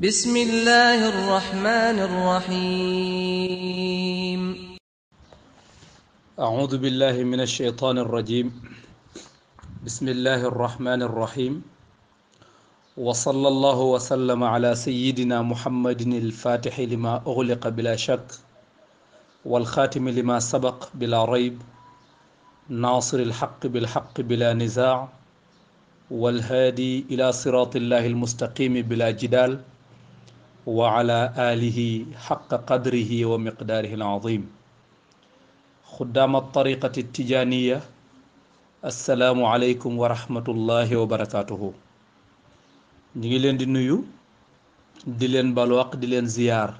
بسم الله الرحمن الرحيم أعوذ بالله من الشيطان الرجيم بسم الله الرحمن الرحيم وصلى الله وسلم على سيدنا محمد الفاتح لما أغلق بلا شك والخاتم لما سبق بلا ريب ناصر الحق بالحق بلا نزاع والهادي إلى صراط الله المستقيم بلا جدال wa ala alihi xaqa qadrihi wa miqdaarihi alazim xuddaam altariqati altijaniya assalaamu aleykum wa rahmatullahi wa barakatuhu ñu ngi leen di nuyu di leen balwaq di leen ziyaar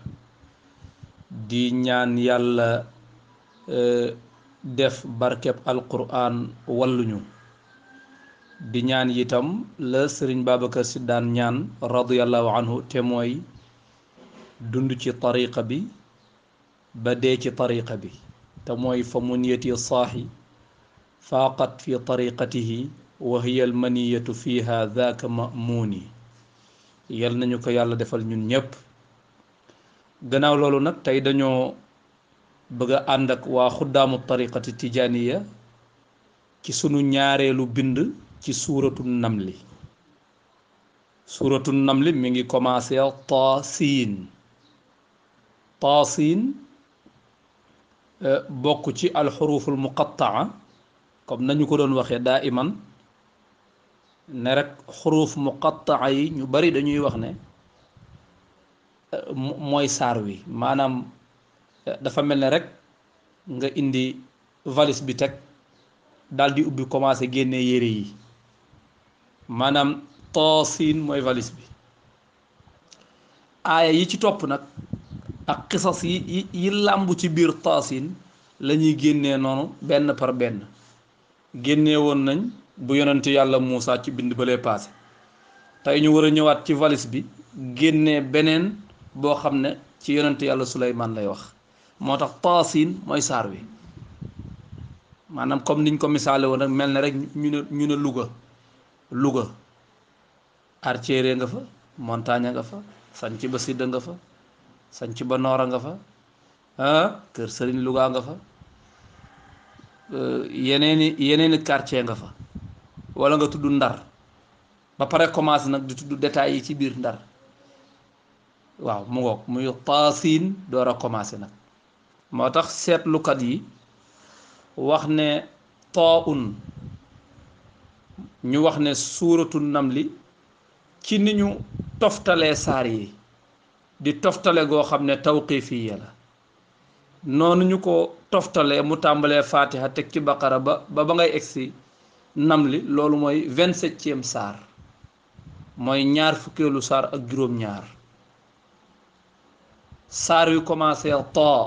di ñaan yàlla e, def barkeb alquran walluñu di ñaan yitam la sëriñ Babacar Si daan ñaan radiallahu anhu te mooy dund ci tariqa bi ba dee ci tariqa bi te mooy fa muniyati saaxi faaqat fi tariqatihi wa hiya almaniyatu fiha daaka mamuuni yal nañu ko yàlla defal ñun ñépp gannaaw loolu nag tey dañoo bëgg a ànd ak waa xuddaamu tariqati tijaaniya ci sunu ñaareelu bind ci suuratu namli suuratu namli mi ngi commencé taa siin طاسين آه، بوكتي الحروف المقطعة كم نيكولون وخي دائما نرك حروف مقطعة يبرد نيو وخنا آه، موي ساروي ما نام آه، دفا ملن رك nga indi valise bi tek daldi ubi commencé genné yéré yi manam tosin moy valise bi aya yi ci top nak ak xisas yi yi làmb ci biir taasin la ñuy génnee noonu benn par benn génnee woon nañ bu yonent yàlla Moussa ci bind balee paase tey ñu war a ñëwaat ci valise bi génne beneen boo xam ne ci yonent yàlla Suleymaan lay wax moo tax taasin mooy saar wi maanaam comme niñ ko misaale woon rek mel na rek ñu ne ñu ne Louga Louga arcéere nga fa montagne nga fa sanc ba sidda nga fa sanc ba noora nga fa ah, kër sëriñ Louga nga fa eh, yeneeni yeneeni quartier nga fa wala nga tudd ndar ba pare commencé nag di tudd détails yi ci biir ndar waaw mu ngoog muy taasiin door a commencé nag moo tax seetlukat yi wax ne taaun ñu wax ne suuratu li ci ni ñu toftalee saar yi di toftale goo xam ne tawqiifiya la noonu ñu ko toftalee mu tàmbalee faatiha teg ci baqara ba ba ba ngay egsi li loolu mooy vingt-septième saar mooy ñaar fukkeelu saar ak juróom saar yu commencé taa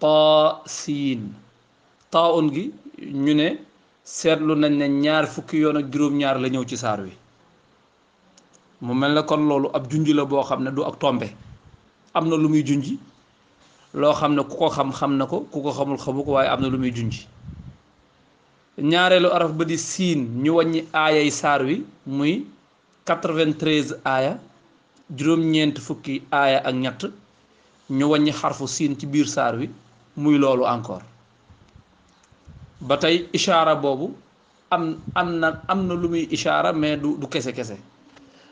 taa siin taa gi ñu ne seetlu nañ ne ñaar fukki yoon ak juróom-ñaar la ñëw ci saar wi mu mel ne kon loolu ab junj la boo xam ne du ak tombe am na lu muy junj loo xam ne ku ko xam xam na ko ku ko xamul xamu ko waaye am na lu muy junj ñaareelu araf ba di siin ñu waññi aayay saar wi muy 93 aaya juróom-ñeent fukki ak ñett ñu wàññi xarfu siin ci biir saar wi muy loolu encore ba tey ishaara boobu am am na am na lu muy ishaara mais du du kese kese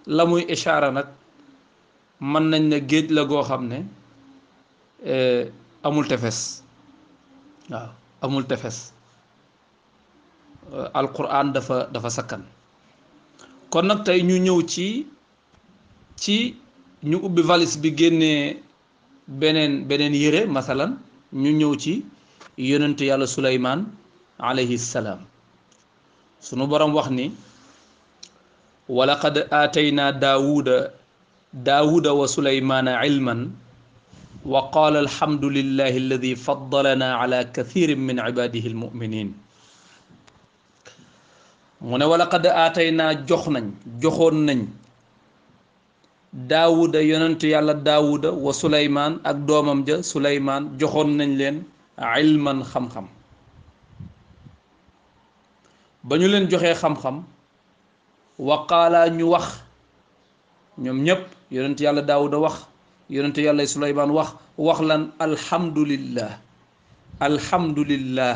la muy ishaara nag. mën nañ ne géej la goo xam ne eh, amul tefes waaw amul tefes eh, alquran dafa dafa sakkan kon nag tey ñu ñëw ci ci ñu ubbi valis bi génnee beneen beneen yére masalan ñu ñëw ci yonent yàlla suleymaan alayhi salaam sunu borom wax ni walaqad aataynaa daawuda داود وسليمان علما وقال الحمد لله الذي فضلنا على كثير من عباده المؤمنين من ولقد آتينا جخنا جخنا داود يننت يالا داود وسليمان اك جا سليمان جخون لين علما خم خم بانيو لين خم خم وقالا نيو وخ نيوم يونت يالا داوود واخ يونت يالا سليمان واخ واخ لان الحمد لله الحمد لله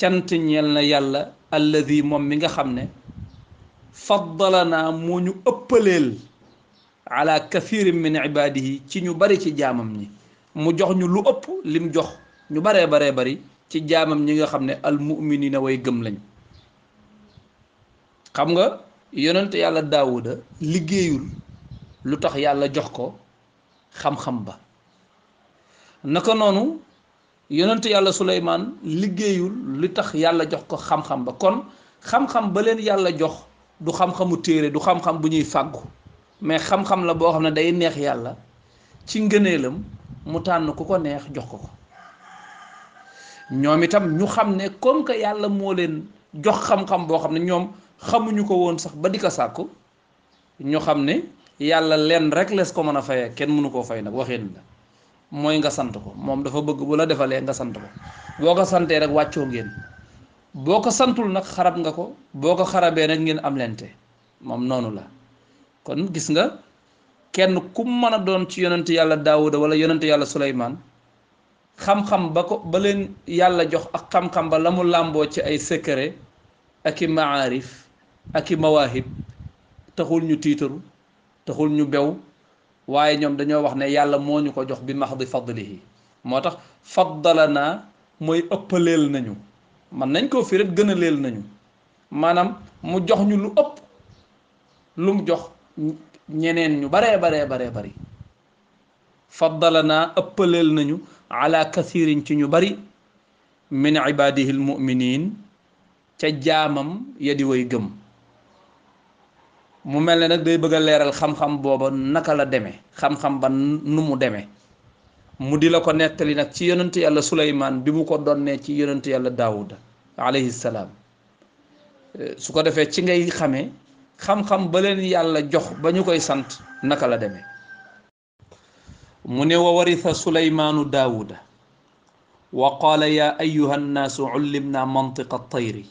تانت نيلنا يالا الذي موم ميغا خامني فضلنا مونيو اوبليل على كثير من عباده تي ني بري تي جامم ني مو جوخ ني لو اوب ليم جوخ ني بري بري بري تي جامم نيغا خامني المؤمنين واي گم لاني خمغا يونت يالا داوود ليگيول lu tax yàlla jox ko xam-xam ba naka noonu yonent yàlla suleymaan liggéeyul lu tax yàlla jox ko xam-xam ba kon xam-xam ba leen yàlla jox du xam-xamu téere du xam-xam bu ñuy fàggu mais xam-xam la boo xam ne day neex yàlla ci ngëneelam mu tànn ku ko neex jox ko ko ñoom itam ñu xam ne comme que yàlla moo leen jox xam-xam boo xam ne ñoom xamuñu ko woon sax ba di ko sàkku ñoo xam ne yàlla lenn rek les ko mën a fayee kenn mënu koo fay nag waxin la mooy nga sant ko moom dafa bëgg bu la defalee nga sant ko boo ko santee rek wàccoo ngeen boo ko santul nag xarab nga ko boo ko xarabee rek ngeen am lente moom noonu la kon gis nga kenn ku mën a doon ci yonent yàlla daawuda wala yonent yàlla suleymaan xam-xam ba ko ba leen yàlla jox ak xam-xam ba la mu làmboo ci ay secret ak i maarif ak i mawaahib taxul ñu tiitaru taxul ñu bew waaye ñoom dañoo wax ne yàlla moo ñu ko jox bi maxdi fadlihi moo tax faddala naa mooy ëppaleel nañu man nañ koo firet gën a leel nañu maanaam mu jox ñu lu ëpp lu mu jox ñeneen ñu baree baree baree bari faddala naa ëppaleel nañu ala kasirin ci ñu bari min ibadihi almuminin ca jaamam ya di way gëm mu mel ne nag day bëgg a leeral xam-xam booba naka la demee xam-xam ba nu mu demee mu di la ko nettali nag ci yonent yàlla suleymaan bi mu ko donnee ci yonent yàlla daawuda alayhi salaam su ko defee ci ngay xamee xam-xam ba leen yàlla jox ba ñu koy sant naka la demee mu ne wa waritha suleymaanu daawuda wa qaala yaa ayuha annaasu ullimna mantiqa tayri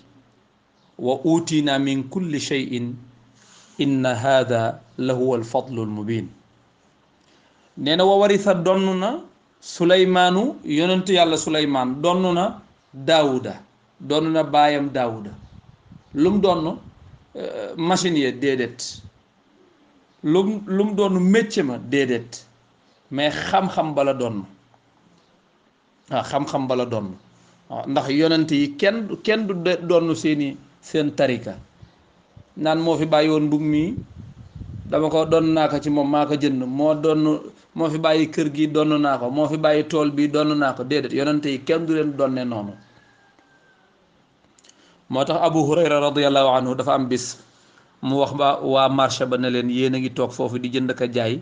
wa uutina min kulli cheyin inna hada lahuwa alfadlu almubin nee na wa warisa donn na suleymaanu yonentu yàlla suleymaan donn na daawuda donn na baayam daawuda lum donn machine ya déedéet lum lum donn métier ma déedéet mais xam-xam bala donn waaw xam-xam bala donn waaw ndax yonent yi kenn kenn du donn seeni seen tarika naan moo fi bàyyi woon mbub mi dama ko donn naa ko ci moom maa ko jënd moo donn moo fi bàyyi kër gi donn naa ko moo fi bàyyi tool bii donn naa ko déedéet yonente yi kenn du leen donne noonu moo tax abu hurayra radiallahu anhu dafa am bis mu wax ba waa marché ba ne leen yéen a ngi toog foofu di jënd ka jaay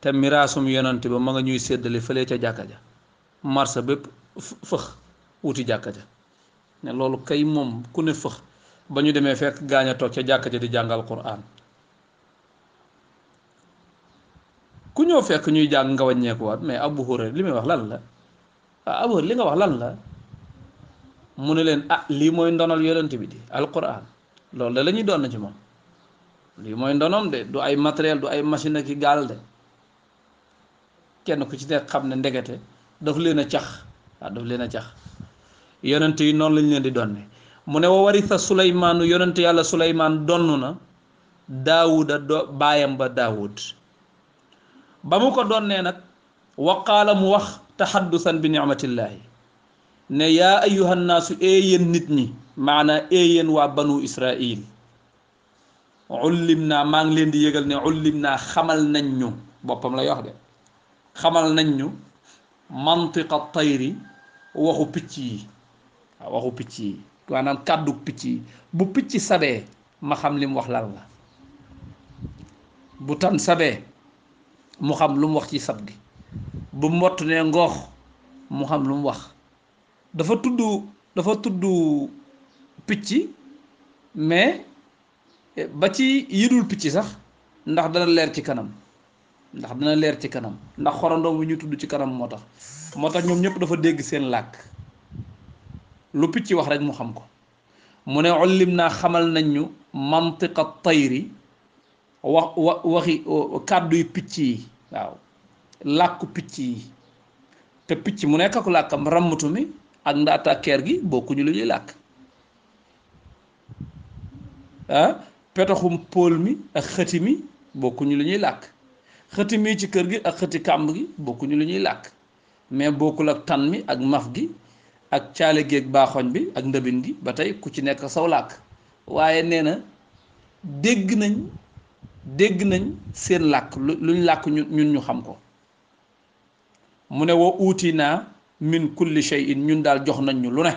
te miraasum yonante ba ma nga ñuy séddale fële ca jàkka ja marché bépp fëx wuti jàkka ja ne loolu kay moom ku ne fëx ba ñu demee fekk gaañ a ca jàkka ja di jàngal Qur'an ku ñëw fekk ñuy jàng nga wàññeekuwaat mais Abu Hurayra li may wax lan la ah Abu Hurayra li nga wax lan la mu ne leen ah lii mooy ndonal yonent bi di Alqur'an loolu de lañuy ñuy doon na ci moom lii mooy ndonom de du ay matériel du ay machine ak i gaal de kenn ku ci nekk xam ne ndegete daf leen a cax waaw ah, daf leen a cax yonent yi noonu lañ leen di doon mu ne wa warisa suleymaanu yonent yàlla suleymaan donn na daawuda do baayam ba daawud ba mu ko donnee nag waqaala mu wax taxaddusan bi nicmatillaahi ne yaa ayyuhannaasu éeyéen nit ñi maanaa éeyéen waa banu israil ullim naa maa ngi leen di yëgal ne ullim naa xamal nañ ñu boppam lay wax de xamal nañ ñu mantiqa tayri waxu picc yi waaw waxu picc yi maanaam kàddu picc yi bu picc sabee ma xam li mu wax laal la bu tan sabee mu xam lu mu wax ci sab gi bu mott ne ngoox mu xam lu mu wax dafa tudd dafa tudd picc mais ba ci yidul picc sax ndax dana leer ci kanam ndax dana leer ci kanam ndax xorandoo bu ñu tudd ci kanam moo tax moo tax ñoom ñëpp dafa dégg seen làkk lu picc wax rek mu xam ko mu ne ullim naa xamal nañ ñu mantiqa tayri wax waxi uh, kàdduy picc yi waaw làkku picc yi te picc mu nekk ak làkkam ràmmatu mi ak ndaata keer gi bokkuñu lu ñuy làkk ah petaxum póol mi ak xëti mi bokkuñu lu ñuy làkk xëti mi ci kër gi ak xëti kàmb gi bokkuñu lu ñuy làkk mais bokkul ak tan mi ak maf gi ak caale géeg baaxoñ bi ak ndëbin gi ba tey ku ci nekk saw làkk waaye nee na dégg nañ dégg nañ seen làkk luñ làkk ñun ñu xam ko mu ne woo uuti naa min kulli shay'in ñun daal jox nañ ñu lu ne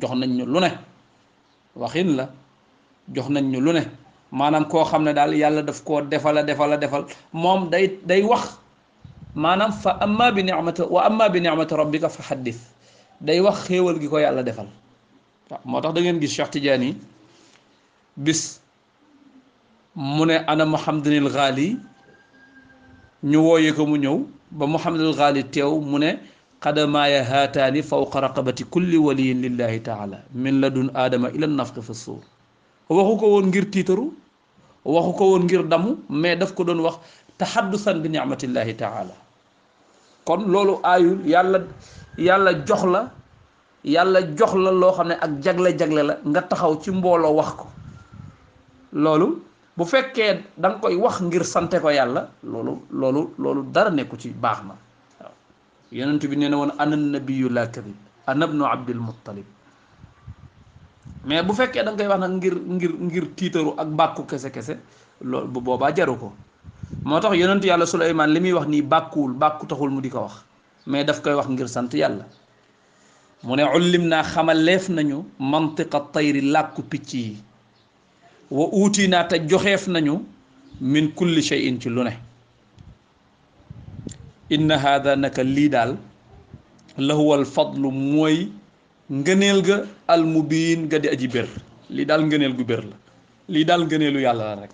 jox nañ lu ne waxin la jox nañ ñu lu ne maanaam koo xam ne daal yàlla daf koo defala defal a defal moom day day wax maanaam fa amma bi ni'mati wa amma bi ni'mati ko fa xaddis day wax xéewal gi ko yàlla defal waaw moo tax da ngeen gis Cheikh Tidiane bis mu ne ana Mouhamadul Ghali ñu wooyee ko mu ñëw ba Mouhamadul Ghali teew mu ne qadamaaya haataani fawqa raqabati kulli waliyin lillahi taala min ladun aadama ila nafqi fi suur waxu ko woon ngir tiitaru waxu ko woon ngir damu mais daf ko doon wax tahaddusan bi nicmatillahi taala kon loolu aayul yàlla yàlla jox la yàlla jox la loo xam ne ak jagle-jagle la nga taxaw ci mbooloo wax ko loolu bu fekkee danga koy wax ngir sante ko yàlla loolu loolu loolu dara nekku ci baax na waaw bi nee na woon ana nabiyu laa kadib ana ibnu abdil muttalib mais bu fekkee danga koy wax na ngir ngir ngir tiitaru ak bàkku kese-kese loolu bu boobaa jaru ko moo tax yonent yàlla suleymaan li muy wax nii bàkkuwul bàkku taxul mu di ko wax mais daf koy wax ngir sant yàlla mu ne ullim naa xamaleef nañu mantiqa tayri làkku picc yi wa uutii naa te joxeef nañu min kulli shay'in ci lu ne inna haada naka lii daal lahuwa alfadlu mooy ngëneel ga almubiin ga di aji bér lii daal ngëneel gu bér la lii daal ngëneelu yàlla la rek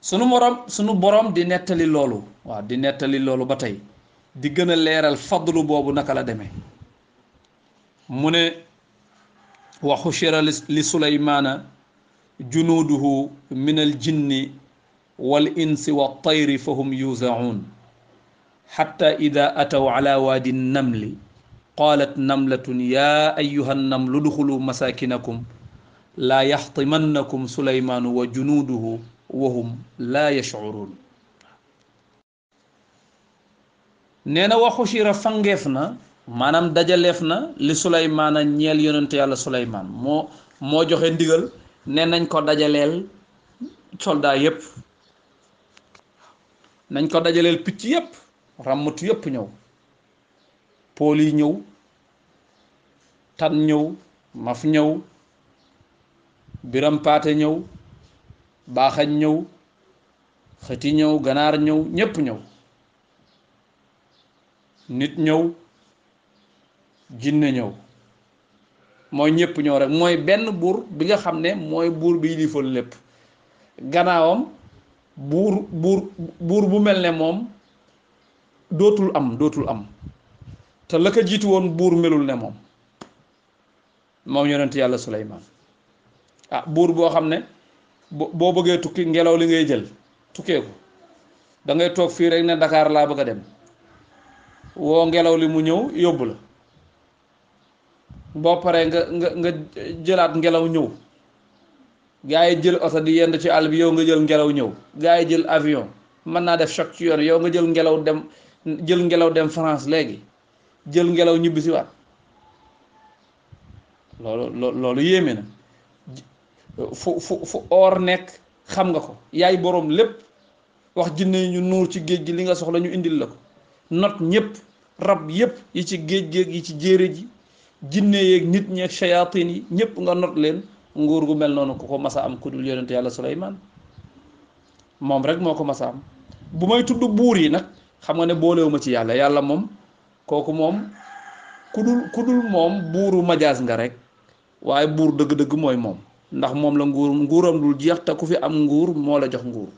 sunu sunu borom di nettali loolu waaw di nettali loolu ba tey di gën a leeral fadlu boobu naka la demee mu ne wa xushira li suleymaana junuuduhu min al jinni wal insi wa tayri fa hum yuuzaun xatta ida ataw ala waadi namli qaalat namlatun yaa ayuha namlu duxulu masaakinakum laa yaxtimannakum suleymaanu wa junuuduhu wahum laa na waxu shira fangeef na maanaam dajaleef na li suleymaana ñeel yonente yàlla suleymaan moo moo joxe ndigal ne nañ ko dajaleel soldat yépp nañ ko dajaleel picc yépp ràmmatu yépp ñëw pool yi ñëw tan ñëw maf ñëw biram paate ñëw baaxañ ñëw xëti ñëw ganaar ñëw ñépp ñëw nit ñëw jinne ñëw mooy ñépp ñëw rek mooy benn buur bi nga xam ne mooy buur bi yilifal lépp gannaawam buur buur buur bu mel ne moom dootul am dootul am te la ko jiitu woon buur melul ne moom moom yonent yàlla Suleymaan ah buur boo xam ne bo bëggee tukki ngelaw li ngay jël tukkee ko da ngay toog fii rek ne Dakar laa bëgg a dem woo ngelaw li mu ñëw yóbbu la boo paree nga nga nga jëlaat ngelaw ñëw gaa yi jël oto di yend ci àll bi yow nga jël ngelaw ñëw gaa yi jël avion mën naa def choc ci yow nga jël ngelaw dem jël ngelaw dem France léegi jël ngelaw ñibbisiwaat loolu loolu yéeme na. fu fu fu or nekk xam nga ko yaay boroom lépp wax jinne yi ñu nuur ci géej gi li nga soxla ñu indil la ko not ñëpp rab yëpp yi ci géej géej yi ci jéere ji jinne yeeg nit ñeeg shayatin yi ñëpp nga not leen nguur gu mel noonu ku ko masa am ku dul yonente yàlla Suleymaan moom rek moo ko masa am bu may tudd buur yi nag xam nga ne boolewuma ci yàlla yàlla moom kooku moom ku dul ku dul moom buuru majaas nga rek waaye buur dëgg-dëgg mooy moom ndax moom la nguur nguuram dul jeex te ku fi am nguur moo la jox nguur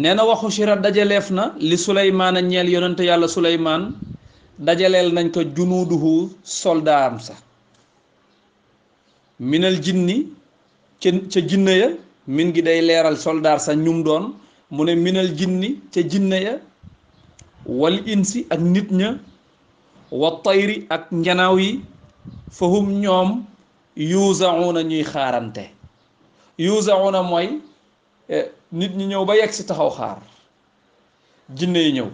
nee na waxu shira dajaleef na li suleymaan a ñeel yonente yàlla suleymaan dajaleel nañ ko junuuduhu soldaam sa minal jinni ca ca jinne ya min gi day leeral soldaar sa ñum doon mu ne minal jinni ca jinne ya wal insi ak nit ña wa ak njanaaw yi fahum ñoom yuusauna ñuy xaarante yuusauna mooy eh, nit ñi ñëw ba yegg si taxaw xaar jinne ñëw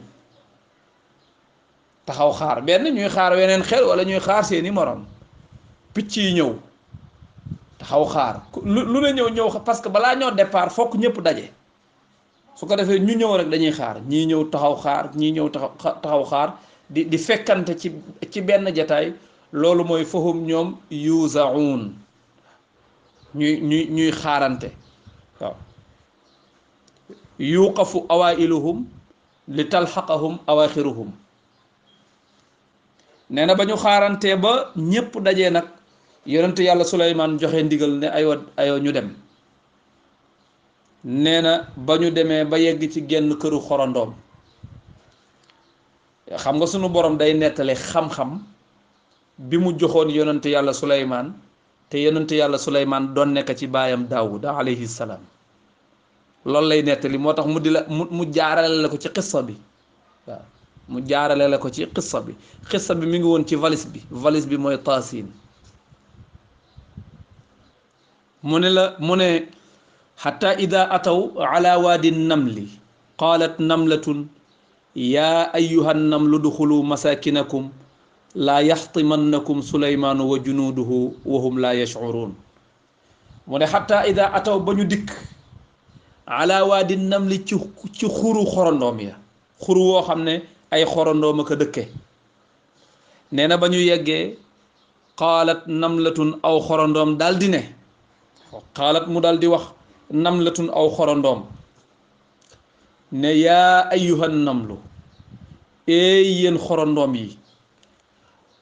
taxaw xaar benn ñuy xaar weneen xel wala ñuy xaar seeni morom picc yi ñëw taxaw xaar lu ne ñëw ñëw parce que balaa ñoo départ fokk ñëpp daje su ko defee ñu ñëw rek dañuy xaar ñi ñëw taxaw xaar ñii ñëw taxaw xaar di di fekkante ci ci benn jataay loolu mooy fahum ñoom yuzaun ñuy ñuy ñuy xaarante waaw yuqafu awailuhum li talxaqahum awaxiruhum nee na ba ñu xaarantee ba ñépp dajee nag yonent yàlla suleymaan joxe ndigal ne ayo ayo ñu dem nee na ba ñu demee ba yegg ci genn këru xorandoom xam nga sunu borom day nettali xam-xam bi mu joxoon yonante yàlla suleymaan te yonante yàlla suleymaan doon nekk ci baayam daawud alayhi salaam loolu lay nettali moo tax mu di la mu jaarale la ko ci xissa bi waaw mu jaarale la ko ci xissa bi xissa bi mi ngi woon ci valise bi valise bi mooy taasin mu ne la mu ne xata ida ataw ala waadi namli qaalat namlatun yaa ayuha namlu duxulu masakinakum laa yaxtimannakum suleymaanu wa junuuduhu wahum laa yashcuruun mu ne xataa ida ataw ba ñu dikk ala waadi namli ci xuru xorondoom ya xur woo xam ne ay xorondoom ko dëkke nee na ba ñu yeggee qaalat namlatun aw xorondoom daal ne qaalat mu daal di wax namlatun aw xorondoom ne yaa ayyuhan namlu eey yéen xorondoom yi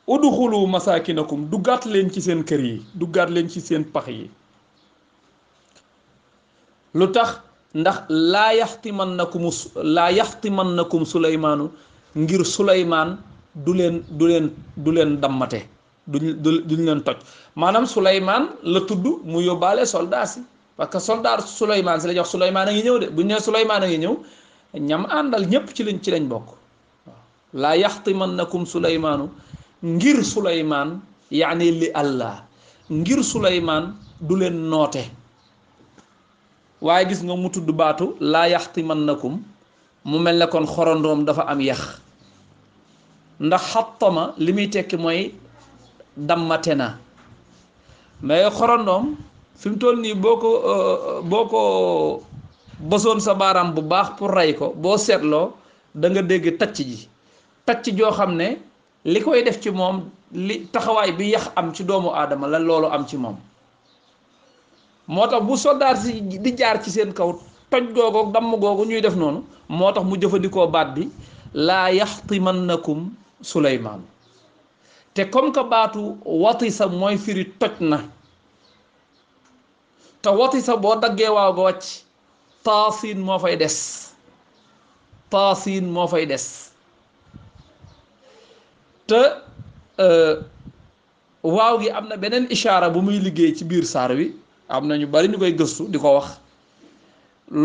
udxulu masakinakum duggaat leen ci seen kër yi duggaat leen ci seen pax yi lu tax ndax laa yaxtimannakum laa yaxtimannakum suleymaanu ngir suleymaan du leen du leen du leen dammate duñ duñ leen toj maanaam suleymaan la tudd mu yóbbaale soldat si parce que soldat suleymaan si la jox suleymaan a ngi ñëw de buñ nee suleymaan a ngi ñëw ñam àndal ñépp ci lañ ci lañ bokk waaw laa yaxtimannakum suleymaanu ngir suleymaan yaani li allah ngir suleymaan du leen noote waaye gis nga mu tudd baatu laa yaxtimannakum mu mel ne kon xorondoom dafa am yax ndax xattama li muy tekki mooy dammate na mais xorondoom fi mu toll nii boo ko euh, boo ko bosoon sa baaraam bu baax pour rey ko boo seetloo danga dégg tacc ji tacc joo xam ne li koy def ci moom li taxawaay bi yax am ci doomu aadama la loolu am ci moom moo tax bu soldaar si di jaar ci seen kaw toj googu damm googu ñuy def noonu moo tax mu jëfandikoo baat bi la laa yaxtimannakum suleymaan te comme que baatu wati sa mooy firi toj na te wati sa boo daggee waaw ga wàcc taasiin moo fay des taasiin moo fay des te euh, waaw gi am na beneen ishaara bu muy liggéey ci biir saar wi am na ñu bari ñu koy gëstu di ko wax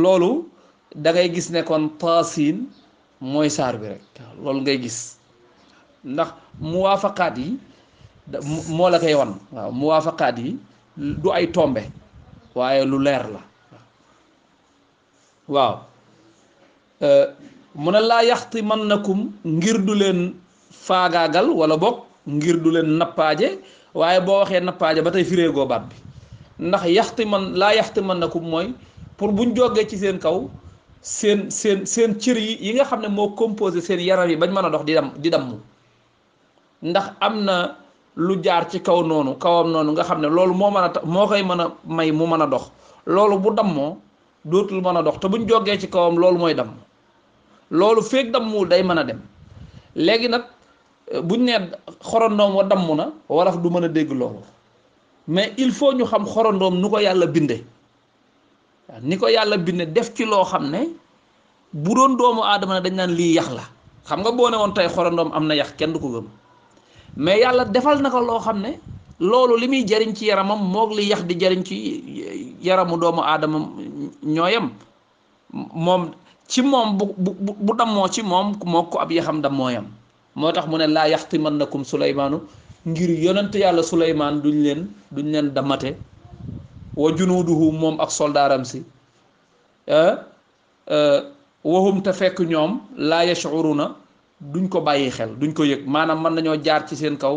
loolu dangay gis ne kon taasiin mooy saar bi rek loolu ngay gis ndax muwaafaqaat yi moo du ay tombe waaye lu leer la waaw euh, mu ne laa yaxtimannakum ngir du leen faagaagal wala bokk ngir du leen nappaaje waaye boo waxee nappaaje ba tey firéegoo baat bi ndax yaxti man laa yaxti man nakum mooy pour bu buñ jógee ci seen kaw seen seen seen cër yi yi nga xam ne moo composé seen yaram yi bañ mën a dox di dam di damm ndax am na lu jaar ci kaw noonu kawam noonu nga xam ne loolu moo mën a ta moo koy mën a may mu mën a dox loolu bu dammoo dootul mën a dox te buñ jogee ci kawam loolu mooy damm loolu feeg dammuwul day mën a dem buñ nee xorondoom wa dammu na waraf du mën a dégg loolu mais il faut ñu xam xorondoom nu ko yàlla binde ni ko yàlla binde def ci loo xam ne bu doon doomu aadama ne dañ naan lii yax la xam nga boo ne woon tey xorondoom am na yax kenn du ko gëm mais yàlla defal na ko loo xam ne loolu li muy jariñ ci yaramam moog li yax di jariñ ci yaramu doomu aadama ñooyam moom ci moom bu bu bu dammoo ci moom moog ko ab yaxam dammoo yam moo tax mu ne laa yaxtimannakum suleymaanu ngir yonent yàlla suleymaan duñ leen duñ leen damate wa junuuduhu moom ak soldaaram si eh? eh, waxum te fekk ñoom laa na duñ ko bàyyi xel duñ ko yëg maanaam mën nañoo jaar ci seen kaw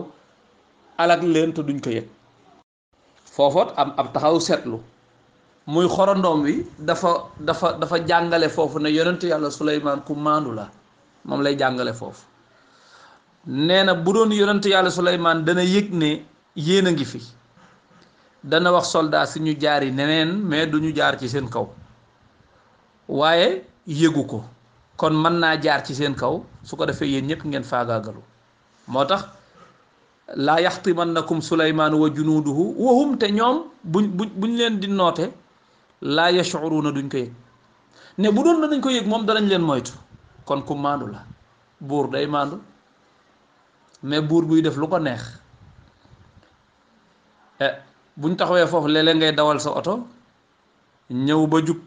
alak leen te duñ ko yëg foofoot am am taxaw seetlu muy xorondoom wi dafa dafa dafa jàngale foofu ne yonent yàlla suleymaan ku maandu la moom lay jàngale foofu nee na bu doon yonent yàlla Suleymaan dana yëg ne yéen a ngi fi dana wax soldat si ñu jaar yi neneen mais du ñu jaar ci seen kaw waaye yëgu ko kon mën naa jaar ci seen kaw su ko defee yéen ñëpp ngeen faagaagalu moo tax laa yaxtimannakum Suleymaan wa junuuduhu wa hum te ñoom buñ buñ buñ leen di noote laa na duñ ko yëg ne bu doon danañ ko yëg moom danañ leen moytu kon ku maandu la buur day maandu mais buur buy def lu ko neex eh, buñ taxawee foofu léeg ngay dawal sa oto ñëw ba jub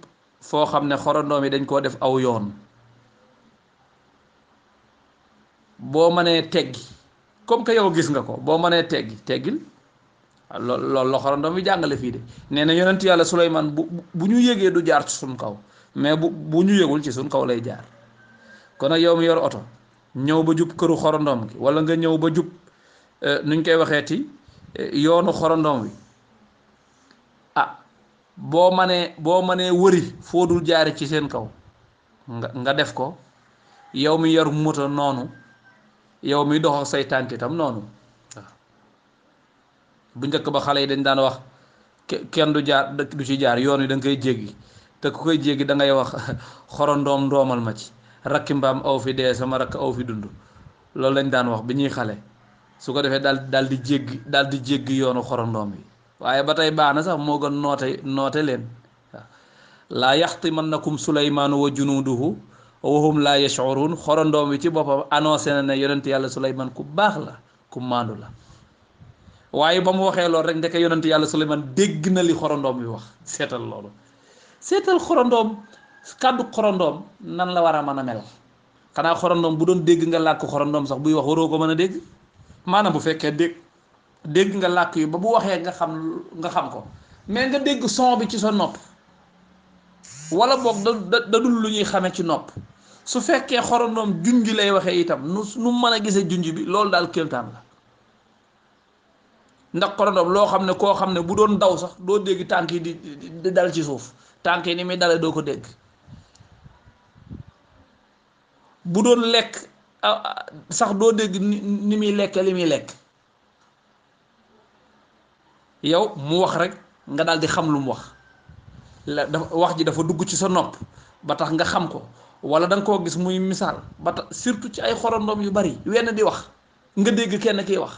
foo xam ne xorandoom yi dañ koo def aw yoon boo mënee teggi comme que yow gis nga ko boo mënee teggi teggil ah, loolu la xorandoom yi jàngale fii de nee na yonent yàlla Suleymaan bu bu ñu yëgee du jaar ci suñ kaw mais bu bu ñu yëgul ci suñ kaw lay jaar kon nag yow mi yor oto ñëw ba jub këru xorondoom gi wala nga ñëw ba jub eh, nuñ koy waxeeti eh, yoonu xorondoom wi ah boo manee boo manee wëri foo dul jaare ci seen kaw nga nga def ko yow mi yor moto noonu yow mi dox say tànk itam noonu waaw ah. bu njëkk ba xale yi dañ daan wax kenn du jaar du ci jaar yoon wi da nga koy jéggi te ku koy jéggi da ngay wax xorondoom ndoomal ma ci rakki mbaam aw fi dee sama rakk aw fi dund loolu lañ daan wax bi ñuy xale su ko defee daal daal di jéggi daal di jéggi yoonu xorondoom bi waaye ba tey baax na sax moo gën noote noote leen laa yaxtimannakum sulaymaanu wa junuuduhu wa hum laa yash'uruun xorondoom bi ci boppam annoncé na ne yonent yàlla sulaymaan ku baax la ku maandu la waaye ba mu waxee loolu rek ndeke yonent yàlla sulaymaan dégg na li xorondoom bi wax seetal loolu seetal xorondoom kàddu xorondoom nan la war a mën a mel xanaa xorondoom bu doon dégg nga làkk xorondoom sax buy wax waroo ko mën a dégg maanaam bu fekkee dégg dégg nga làkk yi ba bu waxee nga xam nga xam ko mais nga dégg son bi ci sa nopp wala boog da lu ñuy xamee ci nopp su fekkee xorondoom junj lay waxee itam nu nu mën a gisee junj bi loolu daal kéemtaan la ndax xorondoom loo xam ne koo xam ne bu doon daw sax doo dégg tànk yi di dal ci suuf tànk yi ni muy dalee doo ko dégg bu doon lekk sax doo dégg ni muy lekke li muy lekk yow mu wax rek nga daal di xam lu mu wax la dafa wax ji dafa dugg ci sa nopp ba tax nga xam ko walla danga koo gis muy misaal ba tax surtout ci ay xorandoom yu bari wenn di wax nga dégg kenn kiy wax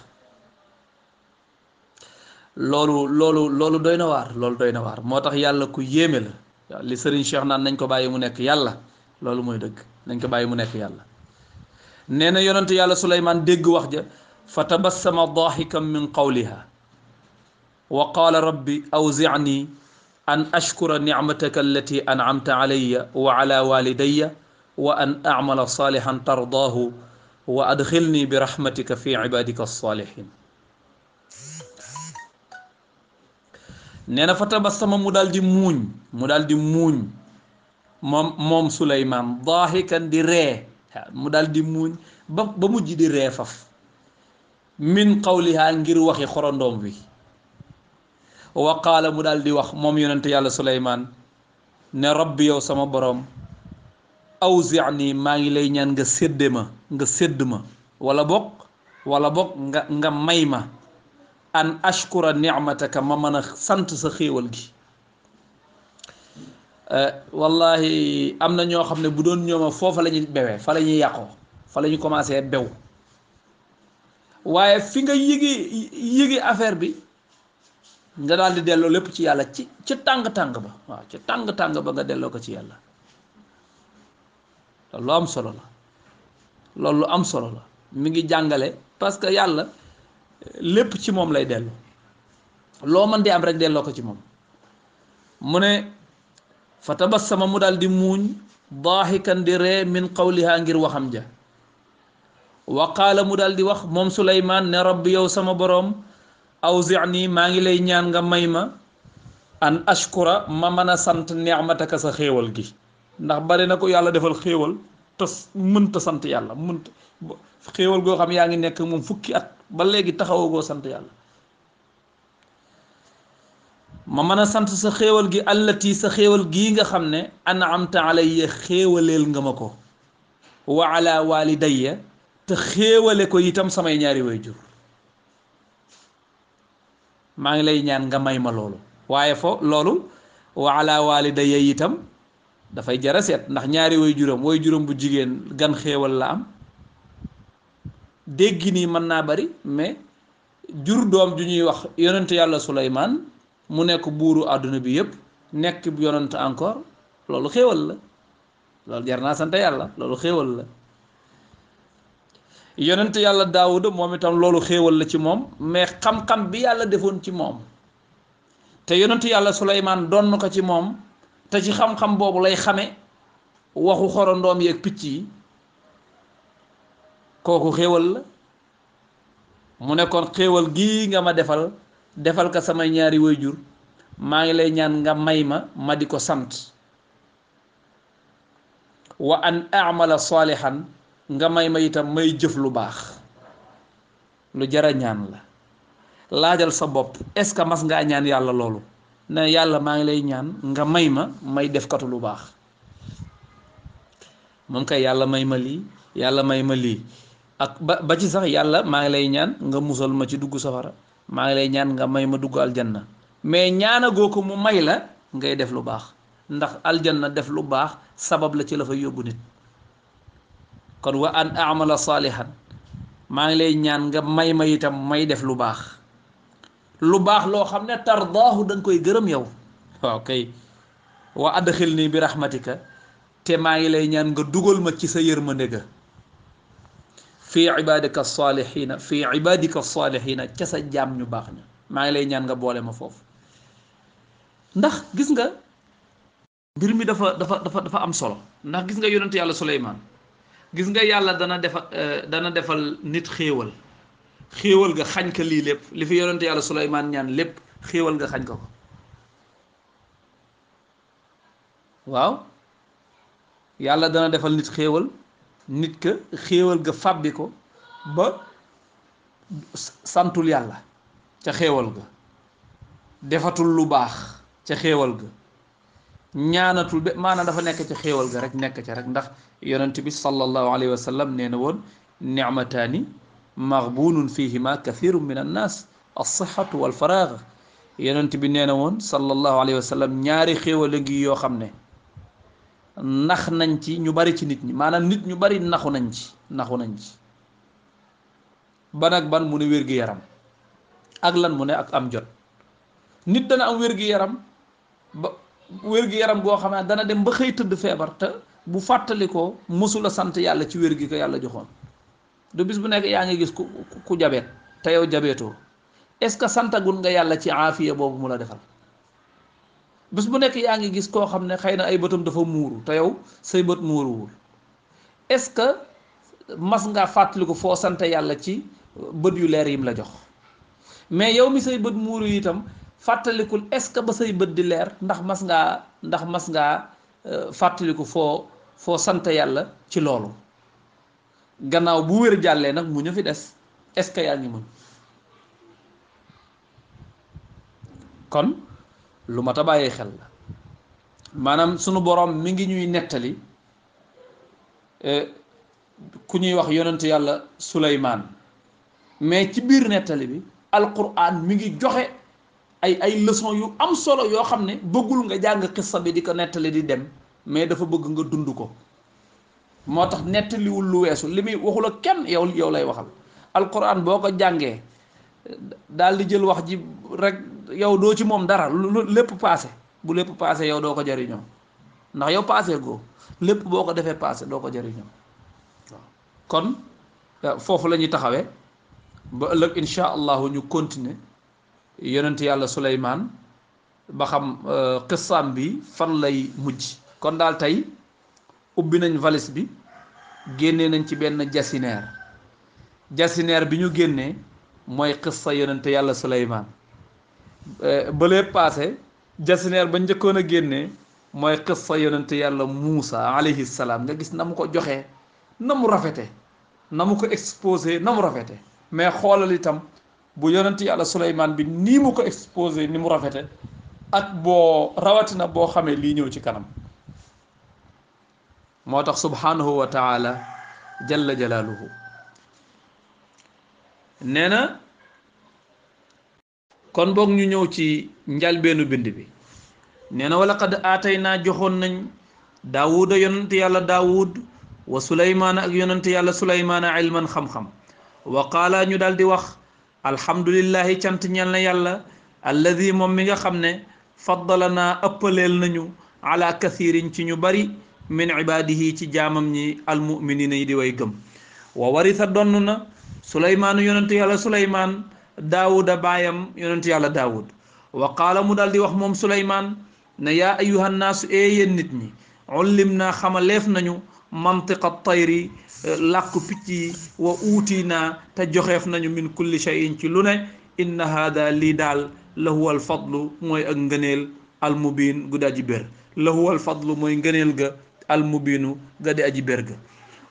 loolu loolu loolu doy na waar loolu doy na waar moo tax yàlla ku yéeme la li sëriñ Cheikh naan nañ ko bàyyi mu nekk yàlla loolu mooy dëgg nañ ko bàyyi mu nekk yàlla nee na yonent yàlla suleymaan dégg wax ja fa tabassama daaxikan min qawliha wa qala rabbi awzicni an ashkura nicmataka allati ancamta calaya wa cala walidaya wa an acmala saalixan tardaahu wa adxilni birahmatika fi cibaadika alsaalixin nee na fa tabassama mu daal di muuñ mu daal di muuñ moom moom suleymaan daaxikan di ree mu daldi muuñ ba ba mujj di ree faf min qawliha ngir waxi xorondoom wi wa qaala mu daldi wax moom yonent yàlla suleymaan ne rabbi yow sama boroom awzi'ni maa ngi lay ñaan nga sédde ma nga sedd ma walla bokk walla bokk nga nga may ma an ashkura nicmataka ma mën a sant sa xéewal gi Euh, wallahi am na ñoo xam ne bu doon ñooma foofu lañuy ñuy bewee fa la ñuy yàqoo fa la ñu commencé bew waaye fi nga yëgi yëgi affaire bi nga daal di delloo lépp ci yàlla ci ci tàng-tàng ba waaw ci tàng-tàng ba nga delloo ko ci yàlla loolu am solo la loolu am solo la mi ngi jàngale parce que yàlla lépp ci moom lay dellu loo mën di am rek delloo ko ci moom mu ne fa sama mu daal di muuñ daaxikan di ree min qawliha ngir waxam ja wa qaala mu daal di wax moom suleymaan ne rabbi yow sama boroom awzi'ni maa ngi lay ñaan nga may ma an ashkura ma mën a sant ni'mataka sa xéewal gi ndax bari na ko yàlla defal xéewal te mënta sant yàlla mënta xéewal goo xam yaa ngi nekk moom fukki at ba léegi taxawagoo sant yàlla ma mën a sant sa xéewal gi allati sa xéewal gii nga xam ne am an'amta alayya xéewaleel nga ma ko wa ala ya te xéewale ko itam samay ñaari wayjur maa ngi lay ñaan nga may ma loolu waaye fo loolu wa ala walidayya itam dafay jara seet ndax ñaari way juróom way juróom bu jigéen gan xéewal la am dégg nii mën naa bari mais jur doom ju ñuy wax yonent yàlla Suleymaan mu nekk buuru àdduna bi yëpp nekk yonent encore loolu xéewal la loolu jar naa sant yàlla loolu xéewal la yonent yàlla daawuda moom itam loolu xéewal la ci moom mais xam-xam bi yàlla defoon ci moom te yonent yàlla suleymaan donn ko ci moom te ci xam-xam boobu lay xame waxu xorondoom yeeg picc yi kooku xéewal la mu nekkoon xéewal gi nga ma defal defal ka samay ñaari wayjur maa ngi lay ñaan nga may ma ma di ko sant wa an amala salihan nga may ma itam may jëf lu baax lu jara ñaan la laajal sa bopp est ce que mas ngaa ñaan yàlla loolu ne yàlla maa ngi lay ñaan nga may ma may def katu lu baax moom kay yàlla may ma lii yàlla may ak ba ba ci sax yàlla maa ngi lay ñaan nga musal ma ci dugg safara maa ngi lay ñaan nga may ma dugg aljanna mais ñaanagoo ko mu may la ngay def lu baax ndax aljanna def lu baax sabab la ci la fa yóbbu nit kon wa an amala saalihan maa ngi lay ñaan nga may ma itam may def lu baax lu baax loo xam ne tardaahu da nga koy gërëm yow waaw kay wa adxil nii bi rahmatika te maa ngi lay ñaan nga dugal ma ci sa yërmande ga fi ibadika salihina fi ibadika salihina ca sa jaam ñu baax ña maa ngi lay ñaan nga boole ma foofu ndax gis nga mbir mi dafa dafa dafa dafa am solo ndax gis nga yonent yàlla suleymaan gis nga yàlla dana defa dana defal nit xéewal xéewal nga xañ ka lii lépp li fi yonent yàlla suleymaan ñaan lépp xéewal nga xañ ko ko waaw yàlla dana defal nit xéewal nit ke xewal ga fàbbi ko ba santul yàlla ca xewal ga defatul lu bax ca xewal ga ñaanatul be maanaam dafa nek ca xewal ga rek nek ca rek ndax yonent bi sallallahu alayhi wa sallam nee na woon nicmataani maghbunun fihima nas as-sihhat wal faragh yonent bi neena won sallallahu alayhi wa sallam ñaari xewal a ngi yoo nax nañ ci ñu bari ci nit ñi maanaam nit ñu bari naxu nañ ci naxu nañ ci ban ak ban mu ne wér-gu-yaram ak lan mu ne ak am jot nit dana am wér-gu-yaram ba wér-gu-yaram goo xam ne dana dem ba xëy tëdd feebar te bu fàttali ko mësul a sant yàlla ci wér gi ko yàlla joxoon du bis bu nekk yaa ngi gis ku ku jabeet te yow jabeetoo est-ce que santagun nga yàlla ci aafiya boobu mu la defal bés bu nekk yaa ngi gis koo xam ne xëy na ay bëtam dafa muuru te yow say bët muuruwul est-ce que mas ngaa fàttaliku foo sant yàlla ci bët yu leer yim la jox mais yow mi say bët muuru itam fàttalikul est-ce que ba say bët di leer ndax mas ngaa ndax mas ngaa euh, fàttaliku foo foo sant yàlla ci loolu gannaaw bu wér jàllee nag mu ñu fi des est-ce que yaa ngi mën kon lu mat a bàyyi xel la maanaam sunu boroom mi ngi ñuy nettali e, ku ñuy wax yonent yàlla Suleymaan mais ci biir nettali bi alquran mi ngi joxe ay ay leçon yu am solo yoo xam ne bëggul nga jàng xissa bi di ko nettali di dem mais dafa bëgg nga dund ko moo tax nettaliwul lu weesu li muy waxul ak kenn yow yow lay waxal alquran boo ko jàngee daal di jël wax ji rek yow doo ci moom dara lu lépp passé bu lépp passé yow doo ko jariñoo ndax yow passé goo lépp boo ko defee passé doo ko jariñoo waaw kon euh, foofu la ñuy taxawee ba ëllëg insha allahu ñu continuer yonent yàlla Suleymaan ba xam xissaam euh, bi fan lay mujj kon daal tey ubbi nañ valise bi génnee nañ ci benn jasineer jasineer bi ñu génnee mooy xissa yonent yàlla Suleymaan Euh, bëlee passé jasineer ba njëkkoon a génnee mooy xissa yonente yàlla Muusa alayhi salaam nga gis na mu ko joxee na mu rafete na mu ko exposé na mu rafete mais xoolal itam bu yonent yàlla Suleymaan bi nii mu ko exposé ni mu rafete ak boo rawatina boo xamee lii ñëw ci kanam moo tax subhanahu wa taala jalla jalaaluhu nee na kon boog ñu ñëw ci njalbeenu bind bi nee na wala qad aatay naa joxoon nañ daawuda yonent yàlla daawud wa suleymaana ak yonent yàlla suleymaana ilman xam-xam wa qaala ñu daal di wax alhamdulillahi cant ñel na yàlla alladi moom mi nga xam ne faddala naa ëppaleel nañu ala kathirin ci ñu bari min ibaadihi ci jaamam ñi almuminina yi di way gëm wa warisa donn na suleymaanu yonent yàlla suleymaan daawuda baayam yonentu yàlla daawud wa qaala mu daal di wax moom suleymaan ne yaa ayuha naasu ee nit ñi ullim xamaleef nañu mantiqa tayri làkku picc yi wa uutii naa te joxeef nañu min kulli shayin ci lu ne inna haada lii daal lahuwa alfadlu mooy ak ngëneel almubiin gu di aji bér lahuwa alfadlu mooy ngëneel ga almubiinu ga di aji bér ga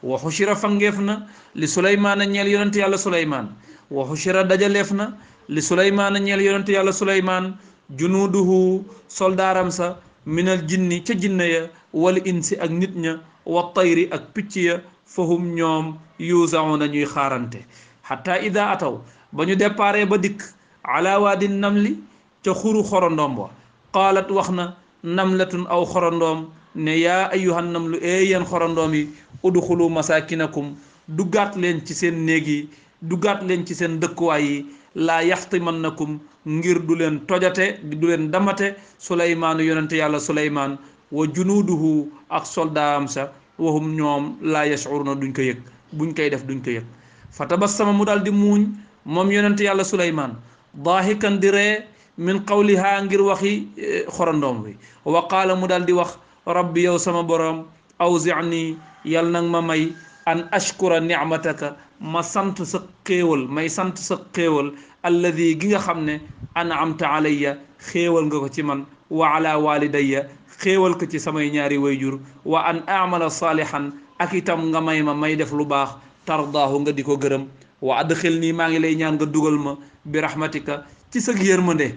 wa xushira fangeef na li suleymaan a ñeel yonent yàlla suleymaan waxu shira dajaleef na li suleymaan ñeel yonent yàlla suleymaan junuuduhu soldaaram sa minal jinni ca jinne ya wal insi ak nit ña wa ak picc ya fahum ñoom yuusauna ñuy xaarante xataa ida ataw ba ñu déparé ba dikk ala waadi namli ca xuru xorondoom wa qaalat wax na namlatun aw xorondoom ne yaa ayyuhan namlu ee yéen xorondoom yi udxulu masakinakum duggaat leen ci seen néeg yi dugaat leen ci seen dëkkuwaay yi laa yaxtimannakum ngir du leen tojate du leen damate suleymaanu yonente yàlla suleymaan wa junuuduhu ak soldaam sa waxum ñoom laa na duñ ko yëg buñ koy def duñ ko yëg fa sama mu daal di muuñ moom yonente yàlla suleymaan daahikan di ree min qawlihaa ngir waxi e, xorandoom bi wa qaala mu daal di wax rabbi yow sama borom awzicni yàlla nag ma may an ashkura nicmataka ma sant sa xéewal may sant sa xéewal alladi gi nga xam ne an'amta alayya xéewal nga ko ci man wa ala walidayya ko ci samay ñaari wayjur wa an amala saalihan ak itam nga may ma may def lu baax tardaahu nga di ko gërëm wa adxil nii maa ngi lay ñaan nga dugal ma bi rahmatika ci sa yërmande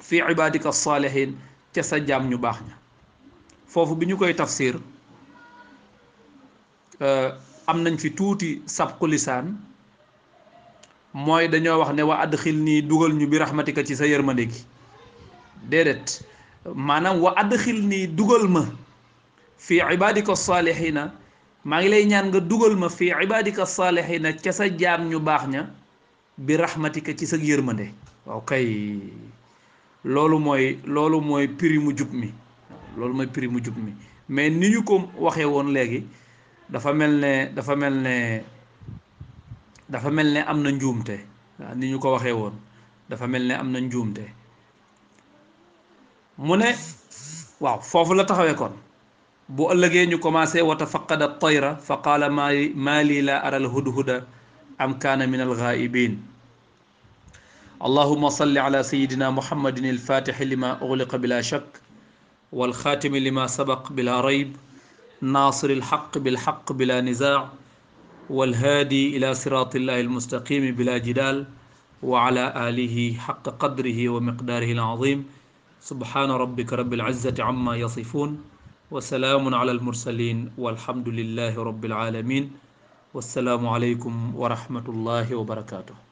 fi ibadika saalihin ca sa jaam ñu baax ña bi ñu koy tafsir Euh, am nañ fi tuuti sabqu lisaan mooy dañoo wax ne wa adxil nii dugal ñu bi raxmatika ci sa yërmande gi déedéet maanaam wa adxil nii dugal ma fii ibadika saalihina maa ngi lay ñaan nga dugal ma fii ibadika saalihina ca sa jaam ñu baax ña bi raxmatika ci sa yërmande waaw kay loolu mooy loolu mooy prix mu jub mi loolu mooy prix mu jub mi mais ni ñu ko waxee woon léegi dafa mel ne dafa mel ne dafa mel ne am na njuumte ni ñu ko waxee woon dafa mel ne am na njuumte mu ne waaw foofu la taxawee kon bu ëllëgee ñu commencé wa tafaqada tayra fa qaala ma ma lii laa ara alhudhuda am kaana min alghaibin اللهم صل على سيدنا محمد الفاتح لما أغلق بلا شك والخاتم لما سبق بلا ريب ناصر الحق بالحق بلا نزاع والهادي إلى صراط الله المستقيم بلا جدال وعلى آله حق قدره ومقداره العظيم سبحان ربك رب العزة عما يصفون وسلام على المرسلين والحمد لله رب العالمين والسلام عليكم ورحمة الله وبركاته